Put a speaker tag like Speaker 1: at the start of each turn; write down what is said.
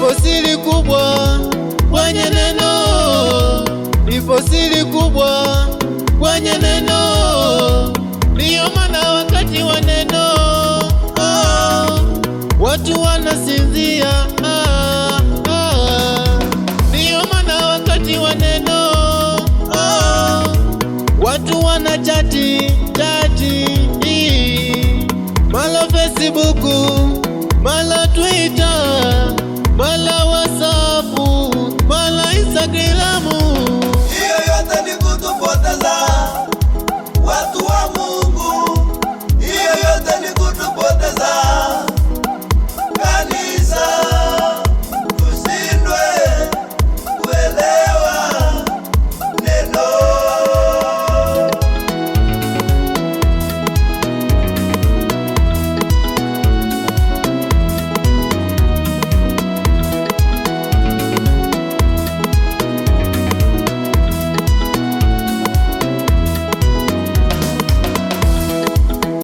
Speaker 1: Lipo siri kubwa kwenye neno, lipo siri kubwa kwenye neno, ndiyo maana wakati wa neno oh, watu wanasinzia ah, ah, ndiyo maana wakati wa neno oh, watu wana chati chati malo Facebook